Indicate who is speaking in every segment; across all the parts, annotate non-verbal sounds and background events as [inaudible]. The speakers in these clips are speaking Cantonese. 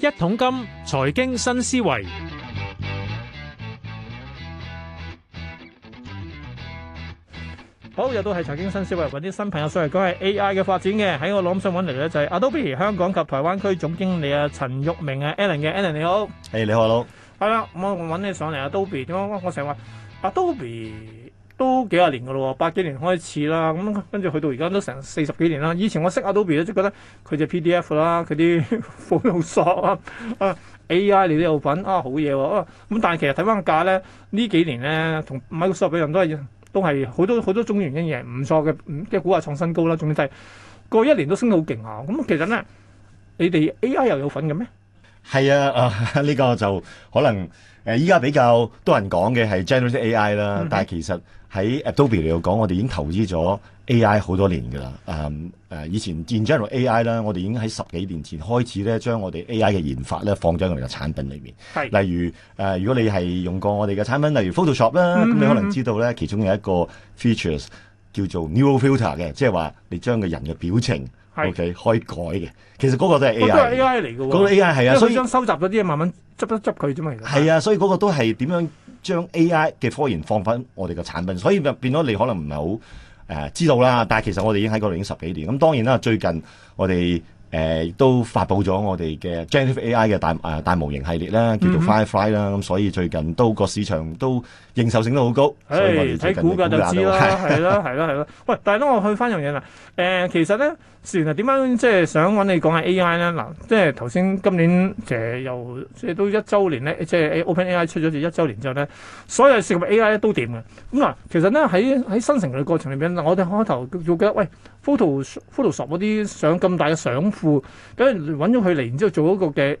Speaker 1: 一桶金財經新思維，好又都係財經新思維，搵啲新朋友上嚟講下 AI 嘅發展嘅，喺我諗想搵嚟咧就係 Adobe 香港及台灣區總經理啊，陳育明啊 Alan，嘅，Alan 你好，係你好，係啦，我我搵你上嚟啊，Adobe，點解我成日話啊 Adobe？都幾廿年噶咯，八幾年開始啦，咁跟住去到而家都成四十幾年啦。以前我識 Adobe 咧，就覺得佢隻 PDF 啦，佢啲貨好索啊，啊！AI 你都有份啊，好嘢喎。咁但係其實睇翻價咧，呢幾年咧同 Microsoft 一樣都係都係好多好多種原因嘅，唔錯嘅，即、嗯、係股價創新高啦。總之過一年都升到好勁啊！咁、嗯、其實咧，你哋 AI 又有份嘅咩？係啊，啊、這、呢個
Speaker 2: 就可能誒依家比較多人講嘅係 general AI 啦，嗯、但係其實喺 Adobe 嚟講，我哋已經投資咗 AI 好多年㗎啦。誒、嗯、誒、呃，以前 general AI 啦，我哋已經喺十幾年前開始咧，將我哋 AI 嘅研發咧放咗入嚟產品裡面。係是，例如誒、呃，如果你係用過我哋嘅產品，例如 Photoshop 啦，咁、嗯、你可能知道咧其中有一個 features。叫做 Neural Filter 嘅，即係話你將個人嘅表情是 OK 可以改嘅，其實嗰個都係 AI，嗰個是 AI 嚟嘅喎，嗰個 AI 係啊，所以將
Speaker 1: 收集咗啲嘢慢慢執一執佢啫嘛，
Speaker 2: 係啊，所以嗰個都係點樣將 AI 嘅科研放翻我哋嘅產品，所以變咗你可能唔係好誒知道啦。但係其實我哋已經喺嗰度已經十幾年，咁、嗯、當然啦，最近我哋。誒、呃、都發布咗我哋嘅 Generative AI 嘅大誒、呃、大模型系列啦，叫做 Firefly 啦，咁、嗯哼嗯、所以最近都個市場都認受性都好高。睇股價就知啦，係啦，
Speaker 1: 係啦， [laughs] 係啦。喂，但係咧，我去翻樣嘢啦。誒、呃，其實咧，原來點樣即係、就是、想揾你講下 AI 咧？嗱、呃，即係頭先今年誒又即係都一周年咧，即係 OpenAI 出咗只一周年之後咧，所有涉及 AI 都掂嘅。咁、嗯、嗱，其實咧喺喺新城嘅過程裏邊，我哋開頭要覺得喂。喂 Photoshop 嗰啲相咁大嘅相庫，咁揾咗佢嚟，然之後做一個嘅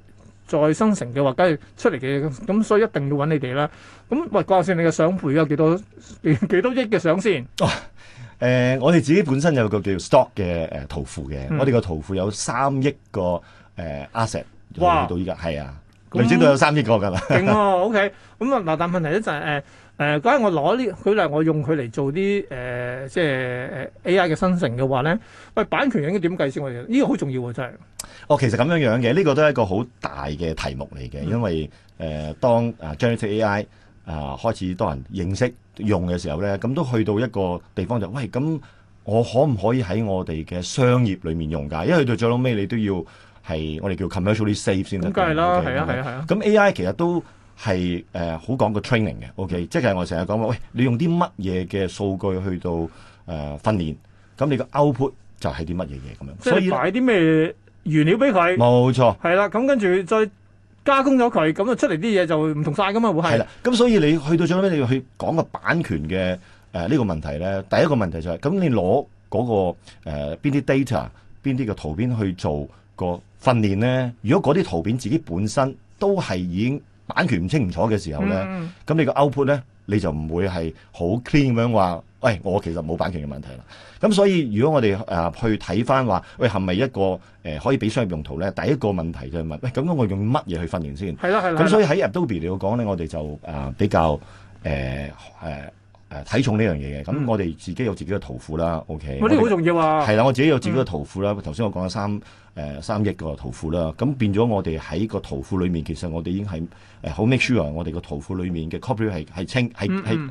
Speaker 1: 再生成嘅話，咁出嚟嘅咁，所以一定要揾你哋啦。咁喂，講下先，你嘅相庫有多幾多幾多億嘅相先？
Speaker 2: 誒、哦呃，我哋自己本身有個叫 stock 嘅誒、呃、圖庫嘅，我哋個圖庫有三億個誒 asset 到依家，係、呃呃、
Speaker 1: 哇啊，那未知都有三
Speaker 2: 億個㗎啦。勁
Speaker 1: 喎、嗯呵哦、，OK。咁、嗯、啊，嗱、呃，但問題就係、是、誒。呃誒，假如、呃、我攞呢，佢例我用佢嚟做啲誒、呃，即係誒 AI 嘅生成嘅話咧，喂，版權應該點計先？我哋呢個好重要啊！真
Speaker 2: 係。哦，其實咁樣樣嘅，呢、這個都係一個好大嘅題目嚟嘅，嗯、因為誒、呃，當啊 Generative AI 啊、呃、開始多人認識用嘅時候咧，咁都去到一個地方就，喂，咁我可唔可以喺我哋嘅商業裡面用㗎？因為去到最老尾，你都要係我哋叫 commercially safe 先得。咁梗係啦，ach 係係啊，係啊，係的啊。咁 AI 其實都。係誒、呃、好講個 training 嘅，OK，即係我成日講話，喂，你用啲乜嘢嘅數據去到誒、呃、訓練，咁你個 output 就係啲乜嘢嘢咁樣。所以
Speaker 1: 擺啲咩原料俾佢。冇錯。係啦，咁跟住再加工咗佢，咁啊出嚟啲嘢就唔同晒噶嘛，會係。係啦，咁所以你去到最後，你要去講個版權嘅
Speaker 2: 誒呢個問題咧。第一個問題就係、是，咁你攞嗰、那個誒邊啲 data、邊啲嘅圖片去做個訓練咧？如果嗰啲圖片自己本身都係已經，版權唔清唔楚嘅時候咧，咁、嗯、你個 output 咧你就唔會係好 clean 咁樣話，喂，我其實冇版權嘅問題啦。咁所以如果我哋誒、呃、去睇翻話，喂係咪一個誒、呃、可以俾商業用途咧？第一個問題就係問，喂、欸，咁我用乜嘢去訓練先？係啦係啦。咁所以喺 Adobe 嚟講咧，我哋就誒、呃、比較誒誒。呃呃誒、呃，體重呢樣嘢嘅，咁、嗯嗯、我哋自己有自己嘅圖庫啦，OK 這些 們。嗰啲好重要啊！係啦，我自己有自己嘅圖庫啦，頭先、嗯、我講咗三誒、呃、三億個圖庫啦，咁變咗我哋喺個圖庫裏面，其實我哋已經係誒好 make sure 我哋個圖庫裏面嘅 copy 係係清係係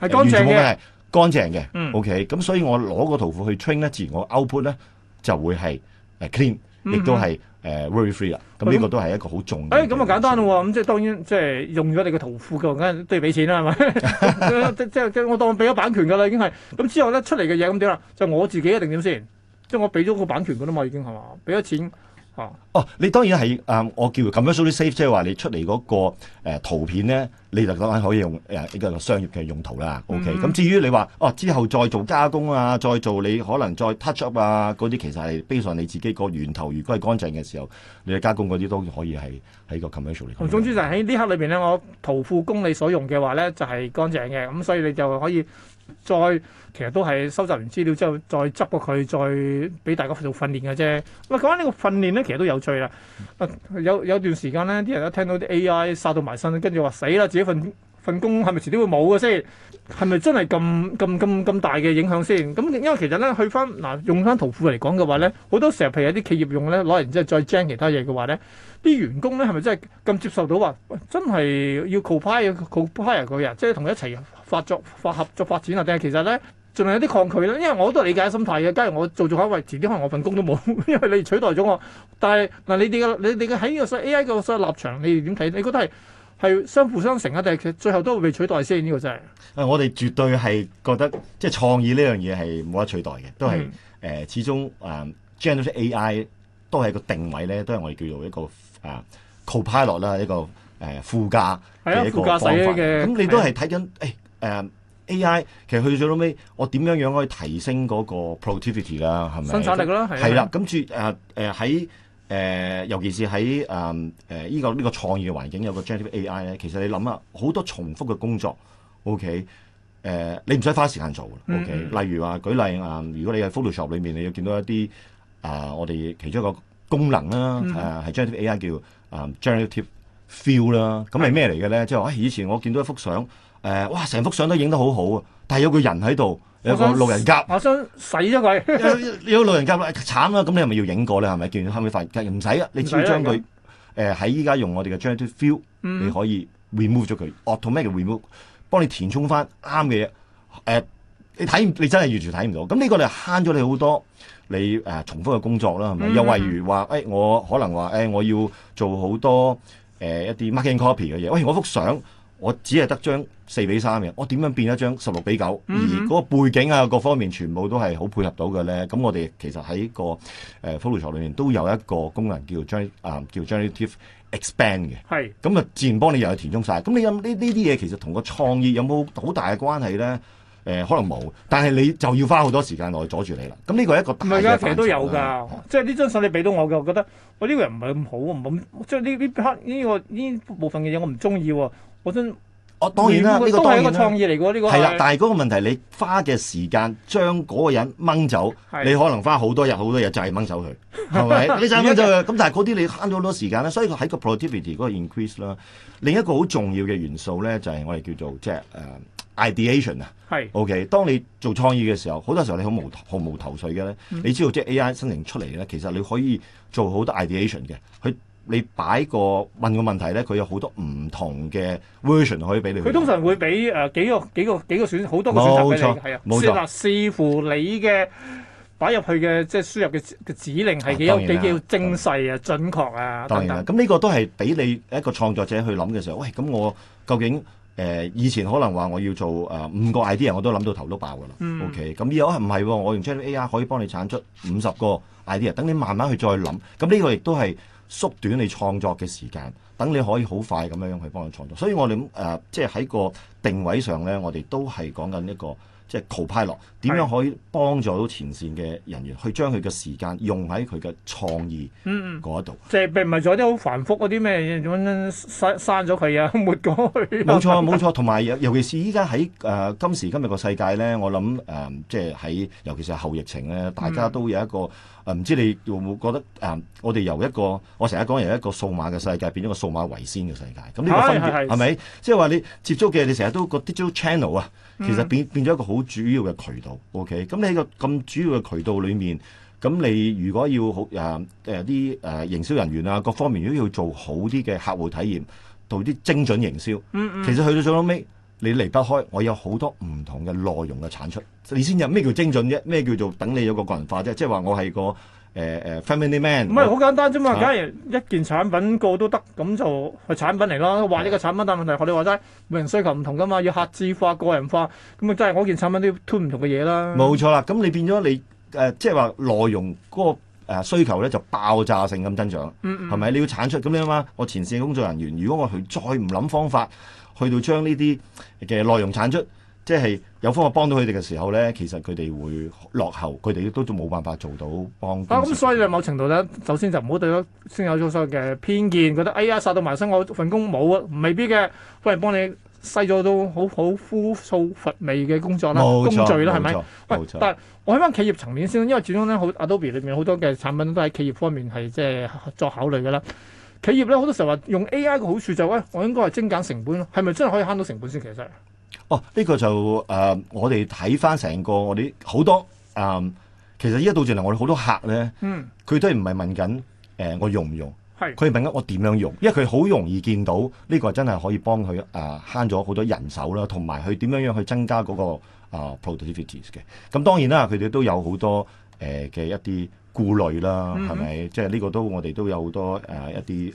Speaker 2: 誒完全冇嘅係乾淨嘅，OK。咁所以我攞個圖庫去 train 咧，自然我 output 咧就會係誒 clean，亦都係。嗯誒、呃、very free 啦，咁、嗯、呢、嗯、個都係一個好重
Speaker 1: 要。誒、哎，咁、嗯、就、嗯、簡單咯喎，咁、嗯、即係當然，即係用咗你個圖庫嘅，梗係都要俾錢啦，係咪？ [laughs] [laughs] 即即即我當俾咗版權㗎啦，已經係。咁、嗯、之後咧出嚟嘅嘢咁點啦？就、嗯、我自己一定點先，即我俾咗個版權㗎啦嘛，已經係嘛，俾咗錢。哦，
Speaker 2: 哦、啊，你當然係誒、嗯，我叫 commercially safe，即係話你出嚟嗰、那個誒、呃、圖片咧，你就當然可以用誒、呃、一個商業嘅用途啦。OK，咁、嗯、至於你話哦、啊，之後再做加工啊，再做你可能再 touch up 啊，嗰啲其實係 base 上你自己個源頭如果係乾淨嘅時候，你去加工嗰啲都可以係係、嗯、一個 commercial 嚟。
Speaker 1: 總之就喺呢刻裏邊咧，我圖庫供你所用嘅話咧，就係、是、乾淨嘅，咁所以你就可以。再其實都係收集完資料之後，再執過佢，再俾大家做訓練嘅啫。咁啊，講緊呢個訓練咧，其實都有趣啦。啊。有有段時間咧，啲人一聽到啲 AI 殺到埋身，跟住話死啦，自己瞓份工係咪遲啲會冇嘅先？係咪真係咁咁咁咁大嘅影響先？咁因為其實咧，去翻嗱用翻圖庫嚟講嘅話咧，好多時候譬如有啲企業用咧，攞嚟然之後再精其他嘢嘅話咧，啲員工咧係咪真係咁接受到話真係要 copy copy 佢啊？即係同一齊發作發合作發展啊？定係其實咧仲有啲抗拒咧？因為我都理解心態嘅。假如我做做下維持，遲啲可能我份工都冇，因為你取代咗我。但係嗱，你哋嘅你哋嘅喺個所謂 AI 嘅立場，你哋點睇？你覺得係？係相輔相成啊，但係其實最後都會被取代先，呢個真
Speaker 2: 係。啊，我哋絕對係覺得即係創意呢樣嘢係冇得取代嘅，都係誒始終誒 General AI 都係個定位咧，都係我哋叫做一個誒 Copilot 啦，一個誒副駕嘅一個方法。咁你都係睇緊誒誒 AI，其實去到最尾我點樣樣可以提升嗰個 productivity 啦？係咪生產力咯？係啦，跟住誒誒喺。誒、呃，尤其是喺誒誒依個、這個、創意個呢個創意嘅環境有個 Generative AI 咧，其實你諗下，好多重複嘅工作，OK？誒、呃，你唔使花時間做啦，OK？Mm hmm. 例如話，舉例啊、呃，如果你喺 Photoshop 裏面，你要見到一啲啊、呃，我哋其中一個功能啦，誒、呃，係 Generative AI 叫、um, gener feel, 啊，Generative Feel 啦，咁係咩嚟嘅咧？是即係話、哎，以前我見到一幅相，誒、呃，哇，成幅相都影得好好啊，但係有個人喺度。有個路人甲，我想洗
Speaker 1: 咗佢 [laughs] 。
Speaker 2: 有個路人甲啦，慘啦，咁你係咪要影過咧？係咪？見到後？後尾發，唔使啊！你只要將佢誒喺依家用我哋嘅 Generative Fill，你可以 remove 咗佢 automatic remove，幫你填充翻啱嘅嘢。誒、呃，你睇你真係完全睇唔到。咁呢個你慳咗你好多，你誒、呃、重複嘅工作啦，係咪？又例如話，誒、哎、我可能話，誒、哎、我要做好多誒、哎哎、一啲 marketing copy 嘅嘢。喂，我幅相。我只係得張四比三嘅，我點樣變一張十六比九、mm？Hmm. 而嗰個背景啊，各方面全部都係好配合到嘅咧。咁我哋其實喺個誒、呃、Photoshop 裏面都有一個功能叫做啊叫 generative expand 嘅。係咁啊，自然幫你又去填充晒。咁你咁呢呢啲嘢其實同個創意有冇好大嘅關係咧？誒、呃、可能冇，但係你就要花好多時間落去阻住你啦。咁呢個係一個大問題。唔係㗎，其實都有㗎。是
Speaker 1: 即係呢張信你俾到我嘅，我覺得我呢、呢個人唔係咁好，唔好即係呢呢呢個呢部分嘅嘢我唔中意喎。我真我、哦、當然啦，果個然都係一個創意嚟㗎。呢、呢個係啦、啊，但係
Speaker 2: 嗰個問題你花嘅時間將嗰個人掹走，的你可能花好多日好多日就係掹走佢，係咪？ [laughs] 你掹走佢咁， [laughs] 但係嗰啲你慳咗好多時間啦。所以喺個 productivity 嗰個 increase 啦，另一個好重要嘅元素咧就係、是、我哋叫做即係誒，就是 Ideation 啊是，OK，當你做創意嘅時候，好多時候你好無 Okay. 毫無頭緒嘅咧，mm hmm. 你知道即係 AI 生成出嚟咧，其實你可以做好多 ideation 嘅，佢你擺個問個問題咧，佢有好多唔同嘅 version 可以俾你。佢
Speaker 1: 通常會俾誒、呃、幾個幾個幾個，幾個選好多個選擇嘅，係錯啊。冇錯，冇錯。視乎你嘅擺入去嘅即係輸入嘅嘅指令係幾有幾叫、啊啊、精細啊、然準確啊。等等當然啦，
Speaker 2: 咁呢個都係俾你一個創作者去諗嘅時候，喂，咁我究竟？誒、呃、以前可能話我要做誒、呃、五個 idea 我都諗到頭都爆㗎啦。OK，咁依家唔係喎，我用 ChatGPT 可以幫你產出五十個 idea。等你慢慢去再諗，咁呢個亦都係縮短你創作嘅時間，等你可以好快咁樣樣去幫你創作。所以我哋誒、呃、即係喺個定位上呢，我哋都係講緊一個。即係投派落點樣可以幫助到前線嘅人員，去將佢嘅時間用喺佢嘅創意嗰度。
Speaker 1: 即係並唔係做啲好繁複嗰啲咩嘢，咁刪刪咗佢啊，抹過去。冇錯冇錯，
Speaker 2: 同埋 [laughs] 尤其是依家喺誒今時今日個世界咧，我諗誒即係喺尤其是後疫情咧，大家都有一個誒唔、嗯嗯、知你會唔會覺得誒、呃？我哋由一個我成日講由一個數碼嘅世界變咗個數碼為先嘅世界。咁呢個分別係咪？即係話你接觸嘅你成日都個 digital channel 啊？其實變變咗一個好主要嘅渠道，OK？咁你喺個咁主要嘅渠道裏面，咁你如果要好誒誒啲誒營銷人員啊各方面都要做好啲嘅客戶體驗，做啲精準營銷。嗯嗯，其實去到最後尾，你離不開我有好多唔同嘅內容嘅產出。你先有咩叫精準啫？咩叫做等你有個個人化啫？即係話我係個。誒誒，family man 唔係好簡單啫嘛，假如、啊、
Speaker 1: 一件產品個都得，咁就係產品嚟咯。話呢、啊、個產品，但問題我哋話齋，每人需求唔同噶嘛，要客製化、個人化，咁啊真係我件產品都要推唔同嘅嘢啦。冇
Speaker 2: 錯啦，咁你變咗你誒，即係話內容嗰個需求咧就爆炸性咁增長，係咪、嗯嗯、你要產出？咁你諗下，我前線工作人員，如果我佢再唔諗方法，去到將呢啲嘅內容產出。即係有方法幫到佢哋嘅時候咧，其實佢哋會落後，佢哋亦都冇辦法做到幫到。啊，咁、嗯、
Speaker 1: 所以喺某程度咧，首先就唔好對咗先有咗所謂嘅偏見，覺得 A.I. 殺到埋身，我份工冇啊！未必嘅，喂，幫你細咗都好好枯燥乏味嘅工作啦，錯工序啦，係咪？喂，錯但係我喺翻企業層面先，因為始終咧，好 Adobe 裏面好多嘅產品都喺企業方面係即係作考慮嘅啦。企業咧好多時候話用 A.I. 嘅好處就喂、是哎，我應該係精簡成本咯，係咪真係可以慳到成本先？其實？
Speaker 2: 哦，呢、這個就誒、呃，我哋睇翻成個我哋好多誒、呃，其實依家到住嚟我哋好多客咧，嗯，佢都係唔係問緊誒、呃、我用唔用？係是，佢係問緊我點樣用？因為佢好容易見到呢、這個真係可以幫佢誒慳咗好多人手啦，同埋佢點樣樣去增加嗰、那個啊 productivity 嘅。咁、呃嗯嗯、當然啦，佢哋都有好多誒嘅、呃、一啲顧慮啦，係咪？嗯、即係呢個都我哋都有好多誒、呃、一啲誒。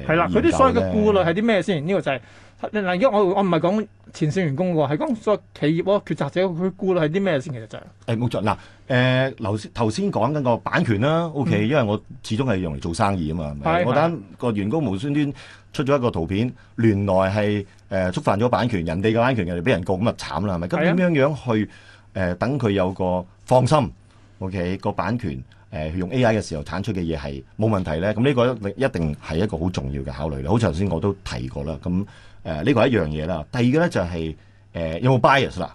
Speaker 2: 係、呃、啦，佢啲所有嘅顧
Speaker 1: 慮係啲咩先？呃、求呢、這個就係、是。嗱，因為我我唔係講前線員工喎，係講個企業喎，決策者佢顧慮係啲咩先？其實就
Speaker 2: 係。誒、欸，冇錯嗱，誒，頭頭先講緊個版權啦，OK，嗯、因為我始終係用嚟做生意啊嘛，嗯、是我單的個員工無端端出咗一個圖片，原來係誒、呃、觸犯咗版權，人哋嘅版權人哋俾人告咁咪慘啦，係咪？咁點樣樣去誒、呃、等佢有個放心，OK，個版權誒、呃、用 AI 嘅時候產出嘅嘢係冇問題咧，咁呢個一定係一個好重要嘅考慮啦。好，頭先我都提過啦，咁。誒呢、呃這個係一樣嘢啦，第二嘅咧就係、是、誒、呃、有冇 bias 啦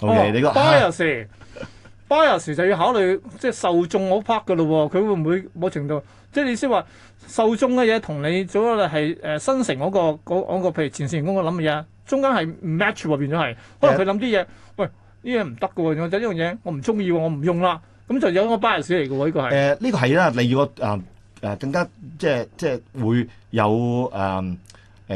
Speaker 2: ？OK，呢個
Speaker 1: bias，bias 就要考慮即係受眾嗰 part 嘅咯，佢會唔會某程度即係意思話受眾嘅嘢同你咗係誒新城嗰個嗰、呃這個譬如前線員工個諗嘅嘢，中間係 match 喎，變咗係，可能佢諗啲嘢，喂呢嘢唔得嘅喎，就呢樣嘢我唔中意喎，我唔用啦，咁就有個 bias 嚟嘅喎，呢個係誒呢個係啦，你如果誒誒更加，、呃、更加即係即係會有誒。呃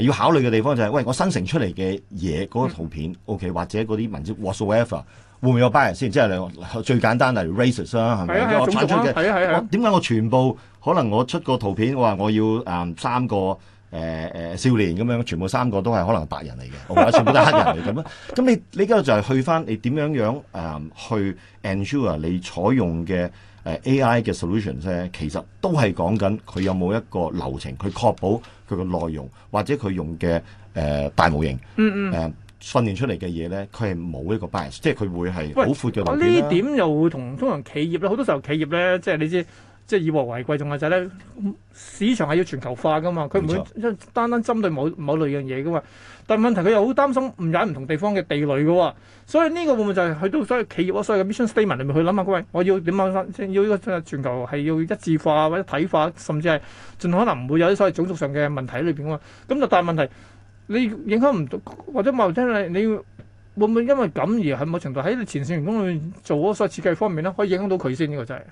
Speaker 2: 要考慮嘅地方就係、是，喂，我生成出嚟嘅嘢嗰個圖片、嗯、OK，或者嗰啲文字，whatever，會唔會有 bias 人先？即係你最簡單係 racist 啦、啊，係咪？種種啊、我產出嘅點解我全部可能我出個圖片，我話我要誒、嗯、三個誒誒、呃、少年咁樣，全部三個都係可能白人嚟嘅， [laughs] 全部都係黑人嚟咁啊？咁你你嗰個就係去翻你點樣樣誒、嗯、去 ensure 你採用嘅。誒 AI 嘅 solution 咧，其實都係講緊佢有冇一個流程，去確保佢個內容或者佢用嘅誒、呃、大模型，嗯嗯，誒、呃、訓練出嚟嘅嘢咧，佢係冇一個 bias 即係佢會係好闊嘅路。呢啲點
Speaker 1: 又會同通常企業咧，好多時候企業咧，即、就、係、是、你知。即係以和為貴，仲係就係、是、咧，市場係要全球化噶嘛，佢唔錯會單單針對某某類嘅嘢噶嘛。但係問題佢又好擔心唔踩唔同地方嘅地雷噶喎，所以呢個會唔會就係去到所謂企業所謂嘅 mission statement 裏面去諗下，各位我要點樣要呢個全球係要一致化或者體化，甚至係盡可能唔會有啲所謂種族上嘅問題喺裏邊啊嘛。咁就但係問題你影響唔到，或者某啲你會唔會因為咁而喺某程度喺你前線員工去做所謂設計方面咧，可以影響到佢先呢、這個就係、是。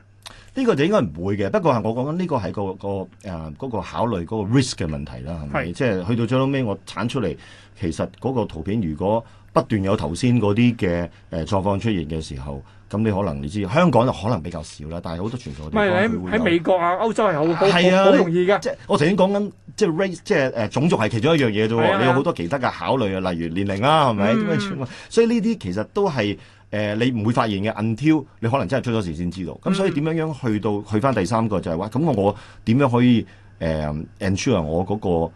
Speaker 1: 呢個就應該唔
Speaker 2: 會嘅，不過係我講緊呢個係個個誒嗰、呃嗰個、考慮嗰、嗰個 risk 嘅問題啦，係咪？是即係去到最尾，我產出嚟，其實嗰個圖片如果不斷有頭先嗰啲嘅誒狀況出現嘅時候，咁你可能你知，香港就可能比較少啦，但係好多全球地方佢是會有，喺美
Speaker 1: 國啊、歐洲係好，係啊，好容易㗎。即係
Speaker 2: 我頭先講緊，即係 race，即係誒種族係其中一樣嘢啫喎。啊、你有好多其他嘅考慮啊，例如年齡啦、啊，係咪、嗯？所以呢啲其實都係。誒、呃、你唔會發現嘅，until 你可能真係出咗事先知道。咁所以點樣樣去到、嗯、去翻第三個就係、是、話，咁我點樣可以誒、呃、ensure 我嗰、那個、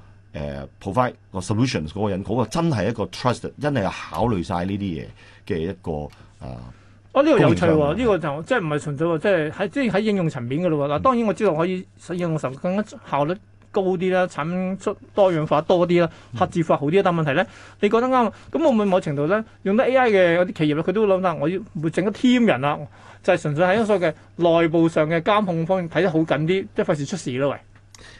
Speaker 2: 呃、provide 個 solutions 嗰個人，嗰、那個真係一個 trust，真係考慮晒呢啲嘢嘅一個、呃、啊。
Speaker 1: 哦，呢個有趣喎、哦，呢、啊這個就即係唔係純粹話即係喺即係喺應用層面嘅咯。嗱，當然我知道可以使應用上更加效率。多啲啦，產出多樣化多啲啦，核字化好啲，但問題咧，你覺得啱，咁會唔會某程度咧，用得 AI 嘅嗰啲企業咧，佢都會諗下，我要整個 team 人啦，就係、是、純粹喺所謂嘅內部上嘅監控方面睇得好緊啲，即係費事出事咯，喂。
Speaker 2: 誒、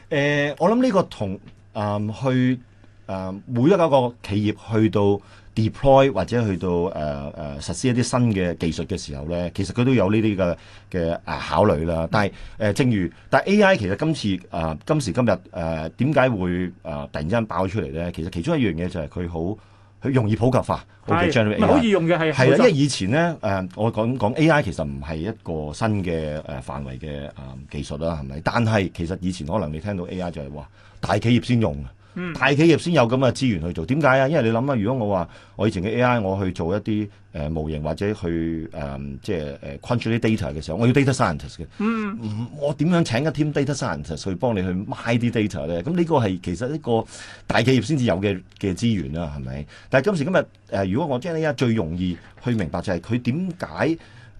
Speaker 2: 呃，我諗呢個同誒、呃、去誒、呃、每一個個企業去到。Deploy 或者去到誒誒、呃呃、實施一啲新嘅技術嘅時候咧，其實佢都有呢啲嘅嘅啊考慮啦。但係誒、呃，正如但係 AI 其實今次誒、呃、今時今日誒點解會誒、呃、突然之間爆出嚟咧？其實其中一樣嘢就係佢好佢容易普及化，好 OK 將嚟唔係好易用嘅係係啊，的因為以前咧誒、呃，我講講 AI 其實唔係一個新嘅誒、呃、範圍嘅啊、呃、技術啦，係咪？但係其實以前可能你聽到 AI 就係、是、哇大企業先用大企業先有咁嘅資源去做，點解啊？因為你諗下、啊，如果我話我以前嘅 AI，我去做一啲誒、呃、模型或者去誒、呃、即係誒、呃、困住啲 data 嘅時候，我要 data scientist 嘅。嗯，我點樣請一 team data scientist 去幫你去買啲 data 咧？咁呢個係其實一個大企業先至有嘅嘅資源啦、啊，係咪？但係今時今日誒、呃，如果我 AI 最容易去明白就係佢點解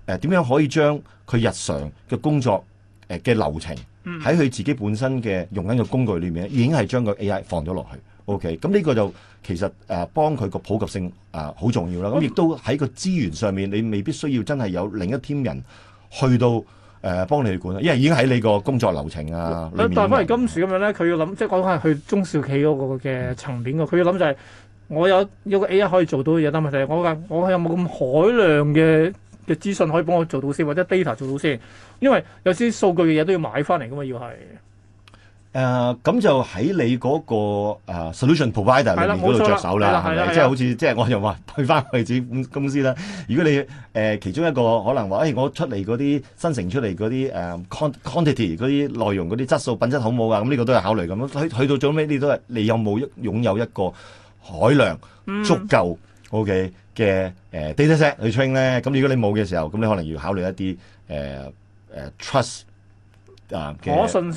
Speaker 2: 誒點樣可以將佢日常嘅工作誒嘅、呃、流程。喺佢自己本身嘅用緊嘅工具裏面咧，已經係將個 AI 放咗落去。OK，咁呢個就其實誒、呃、幫佢個普及性誒好、呃、重要啦。咁亦、嗯、都喺個資源上面，你未必需要真係有另一 team 人去到誒、呃、幫你去管，因為已經喺你個工作流程啊。咁但係面返嚟
Speaker 1: 今時咁樣咧，佢要諗，即係講翻去中小企嗰個嘅層面嘅，佢、嗯、要諗就係、是、我有有個 AI 可以做到有啲問題，我我有冇咁海量嘅嘅資訊可以幫我做到先，或者 data 做到先，因為有啲數據嘅嘢都要買翻嚟噶嘛，要係。
Speaker 2: 誒、uh, 那個，咁就喺你嗰個 solution provider 裏面嗰度着手啦，係咪？即係好似即係我又話退翻去自己公司啦。如果你誒、呃、其中一個可能話，誒、哎、我出嚟嗰啲新城出嚟嗰啲誒 quantity 嗰啲內容嗰啲質素品質好唔好啊？咁、嗯、呢、這個都係考慮咁樣。去去到最尾，你都係你有冇擁有一個海量足夠？Mm. Mm. O.K. 嘅誒 data set 來 training 咧，咁如果你冇嘅時候，咁你可能要考慮一啲誒誒 trust 啊嘅可信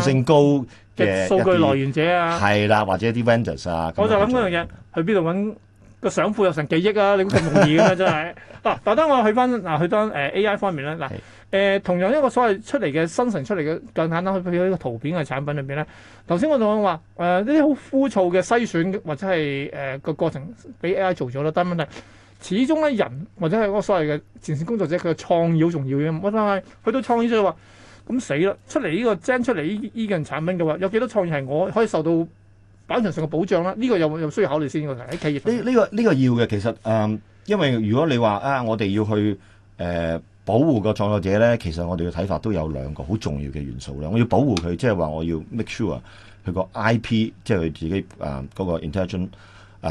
Speaker 2: 性高嘅數據來源者啊，係啦，或者一啲 vendors 啊，我就諗嗰
Speaker 1: 樣嘢 's 去邊度揾？個上庫又成幾億啊！你咁容易嘅真係。嗱、 [laughs] 啊，但當我去翻嗱、啊，去到誒 AI 方面啦。嗱、啊、誒、啊、同樣一個所謂出嚟嘅生成出嚟嘅，更簡單去俾咗一個圖片嘅產品裏邊咧。頭先我仲講話誒，呢啲好枯燥嘅篩選或者係誒、呃、個過程，俾 AI 做咗啦。但問題始終咧人或者係嗰個所謂嘅前線工作者，佢嘅創意好重要嘅。乜都係佢都創意出嚟話咁死啦！出嚟呢、呢個 g 出嚟呢呢樣產品嘅話，有幾多創意係我可以受到？版權上嘅保障啦，呢、這個有有需要考慮先喺
Speaker 2: 企業？呢呢、這個呢、這個要嘅。其實誒、嗯，因為如果你話啊，我哋要去誒、呃、保護個創作者咧，其實我哋嘅睇法都有兩個好重要嘅元素啦。我要保護佢，即係話我要 make sure 佢個 IP，即係佢自己誒嗰、呃那個 intellectual 呃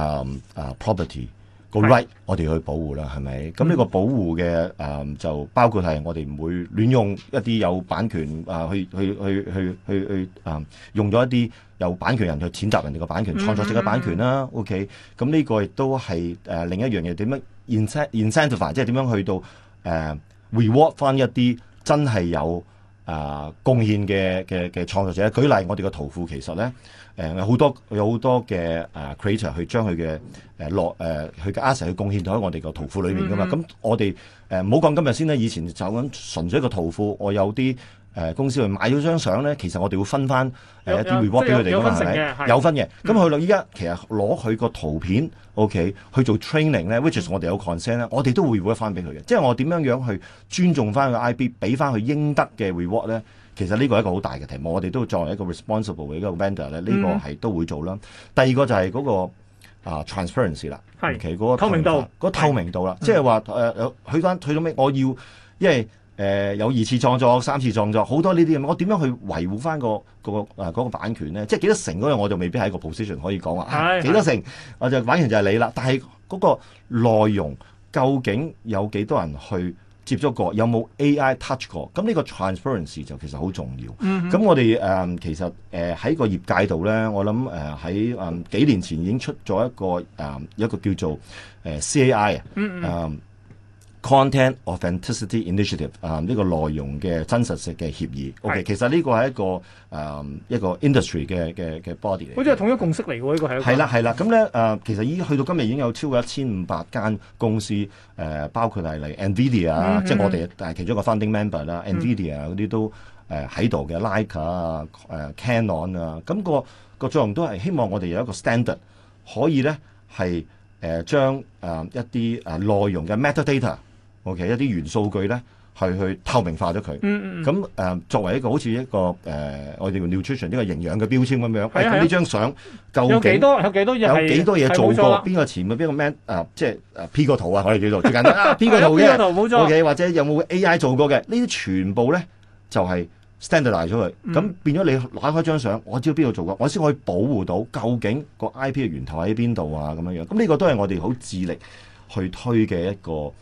Speaker 2: 啊 property。個 The right 的我哋去保護啦，係咪？咁呢、嗯、個保護嘅誒、呃、就包括係我哋唔會亂用一啲有版權啊、呃，去去去去去去誒，用咗一啲有版權人去踐踏人哋個版權、嗯、創作式嘅版權啦。OK，咁呢個亦都係誒另一樣嘢點樣 incent incentify 即係點樣去到誒、呃、reward 翻一啲真係有。啊！貢獻嘅嘅嘅創作者，舉例，我哋個圖庫其實咧，誒好多有好多嘅啊 creator 去將佢嘅誒落誒佢嘅 asset 去貢獻到喺我哋個圖庫裏面噶嘛。咁我哋誒唔好講今日先啦，以前就咁純粹一個圖庫，我有啲。誒公司去買咗張相咧，其實我哋會分翻誒一啲 reward 俾佢哋嘛，係咪有分嘅？咁去到依家，其實攞佢個圖片，OK 去做 training 咧，which is 我哋有 concern 咧，我哋都會 reward 翻俾佢嘅。即係我點樣樣去尊重翻個 IB，俾翻佢應得嘅 reward 咧？其實呢個係一個好大嘅題目，我哋都作為一個 responsible 嘅一個 vendor 咧，呢個係都會做啦。第二個就係嗰個啊 transparency 啦，係，其實嗰個透明度，透明度啦，即係話誒，佢翻退咗咩？我要因為。誒、呃、有二次創作、三次創作，好多呢啲咁，我點樣去維護翻個個誒嗰、呃那個、版權呢？即係幾多成嗰樣，我就未必係一個 position 可以講話。係、啊、是是 幾多成？我就版權就係你啦。但係嗰個內容究竟有幾多人去接觸過？有冇 AI touch 過？咁呢個 transparency 就其實好重要。嗯哼。咁我哋誒、呃、其實誒喺、呃、個業界度呢，我諗誒喺誒幾年前已經出咗一個誒、呃、一個叫做誒 CAI 啊。呃 CA I，呃、嗯，嗯 Content Authenticity Initiative 啊，呢個內容嘅真實性嘅協議，o、okay? k 的其實呢個係一個誒、um, 一個 industry 嘅嘅嘅 body 嚟，
Speaker 1: 好似係統一共識嚟喎，這個、個呢個係。係啦係
Speaker 2: 啦，咁咧誒，其實已去到今日已經有超過一千五百間公司誒、呃，包括係嚟 Nvidia 啊、嗯，即係我哋但係其中一個 funding member 啦，Nvidia 嗰啲都誒喺度嘅 Leica 啊，誒 Canon 啊，咁個個作用都係希望我哋有一個 standard，可以咧係誒將誒、uh, 一啲誒、uh, 內容嘅 metadata。我嘅一啲原數據咧，係去透明化咗佢。咁誒，作為一個好似一個誒，我哋叫 nutrition 呢個營養嘅標籤咁樣。係咁呢張相究竟有幾多有幾多嘢？有幾多嘢做過？邊個前？邊個 man？誒，即係誒，P 個圖啊！我哋叫做最緊要 P 個圖嘅。P 個圖冇錯。OK，或者有冇 AI 做過嘅？呢啲全部咧就係 standardize 咗佢。咁變咗你攞開張相，我知道邊度做過，我先可以保護到究竟個 IP 嘅源頭喺邊度啊？咁樣樣。咁呢個都係我哋好致力，去推嘅一個誒誒、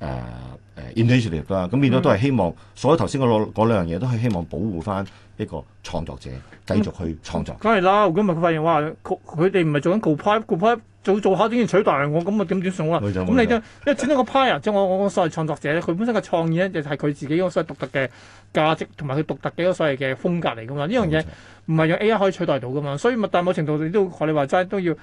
Speaker 2: 呃啊、initiative 啦，咁變咗都係希望、嗯、所有頭先我攞嗰兩樣嘢都係希望保護翻一個創作者繼續去創作。
Speaker 1: 梗係啦，如果唔係發現哇，佢佢哋唔係做緊 copy copy 做做下都要取代我，咁咪點點算啊？咁你嘅一轉到個 pirate 即係我我我所謂創作者佢本身嘅創意咧就係、是、佢自己嗰個所謂獨特嘅價值同埋佢獨特嘅一個所謂嘅風格嚟噶嘛？呢樣嘢唔係用 A.I. 可以取代到噶嘛？所以物但某程度你都學你話齋都要。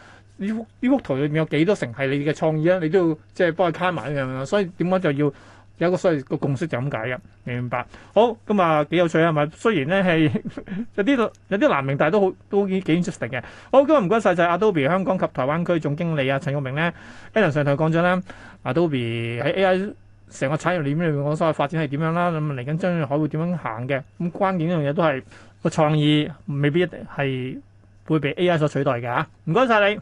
Speaker 1: 呢幅呢幅圖裏面有幾多成係你嘅創意咧？你都要即係幫佢卡埋咁樣，所以點解就要有一個所謂個共識就咁解嘅，明唔明白？好咁啊，幾有趣係咪？雖然咧係 [laughs] 有啲有啲難明，但係都好都幾 interesting 嘅。好咁啊，唔該晒就係 Adobe 香港及台灣區總經理啊陳育明咧 Alan 上台講咗咧、啊、，Adobe 喺 AI 成個產業鏈裏面講所謂發展係點樣啦？咁嚟緊將來會點樣行嘅？咁關鍵一樣嘢都係個創意未必一定係會被 AI 所取代嘅嚇。唔
Speaker 2: 該晒你。